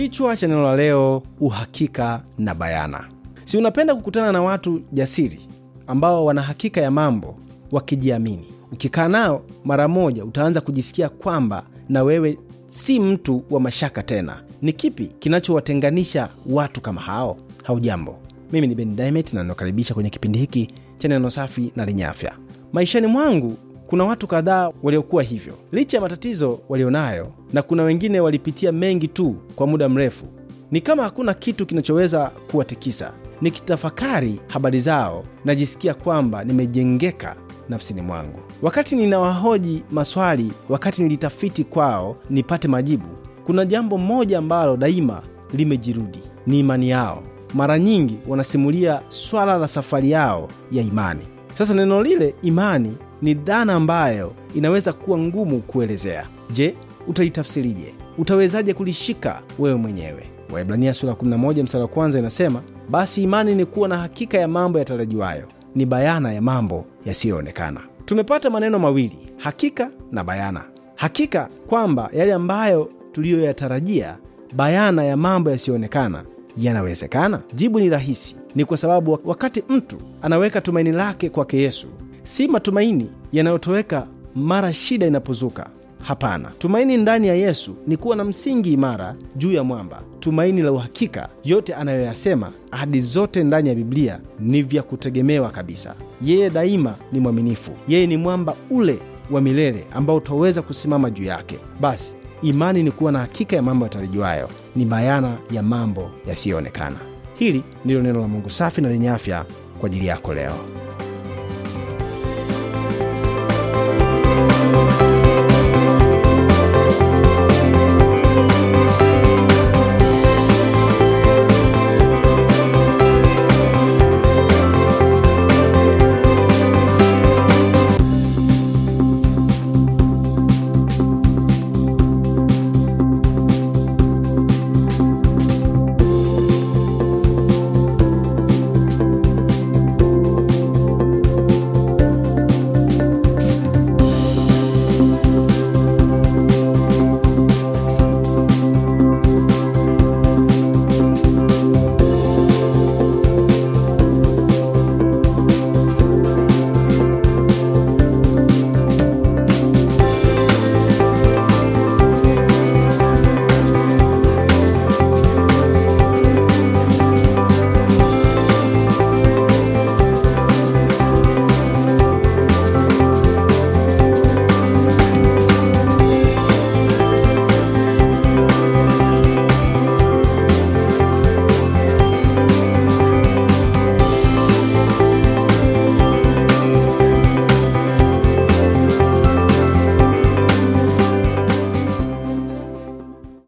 Kichwa cha neno la leo: uhakika na bayana. Si unapenda kukutana na watu jasiri ambao wana hakika ya mambo, wakijiamini? Ukikaa nao mara moja, utaanza kujisikia kwamba na wewe si mtu wa mashaka tena. Ni kipi kinachowatenganisha watu kama hao? Haujambo, mimi ni Ben Diamond na nakaribisha kwenye kipindi hiki cha neno safi na lenye afya. Maishani mwangu kuna watu kadhaa waliokuwa hivyo licha ya matatizo walionayo, na kuna wengine walipitia mengi tu kwa muda mrefu. Ni kama hakuna kitu kinachoweza kuwatikisa. Nikitafakari habari zao, najisikia kwamba nimejengeka nafsini mwangu. Wakati ninawahoji maswali, wakati nilitafiti kwao nipate majibu, kuna jambo moja ambalo daima limejirudi, ni imani yao. Mara nyingi wanasimulia swala la safari yao ya imani. Sasa neno lile imani ni dhana ambayo inaweza kuwa ngumu kuelezea. Je, utaitafsirije? Utawezaje kulishika wewe mwenyewe? Waibrania sura 11 mstari wa kwanza inasema, basi imani ni kuwa na hakika ya mambo yatarajiwayo, ni bayana ya mambo yasiyoonekana. Tumepata maneno mawili, hakika na bayana. Hakika kwamba yale ambayo tuliyoyatarajia, bayana ya mambo yasiyoonekana yanawezekana? Jibu ni rahisi, ni kwa sababu wakati mtu anaweka tumaini lake kwake Yesu, si matumaini yanayotoweka mara shida inapozuka. Hapana, tumaini ndani ya Yesu ni kuwa na msingi imara juu ya mwamba, tumaini la uhakika. Yote anayoyasema, ahadi zote ndani ya Biblia ni vya kutegemewa kabisa. Yeye daima ni mwaminifu, yeye ni mwamba ule wa milele ambao utaweza kusimama juu yake. Basi imani ni kuwa na hakika ya mambo yatarajiwayo, ni bayana ya mambo yasiyoonekana. Hili ndilo neno la Mungu safi na lenye afya kwa ajili yako leo. Thank you.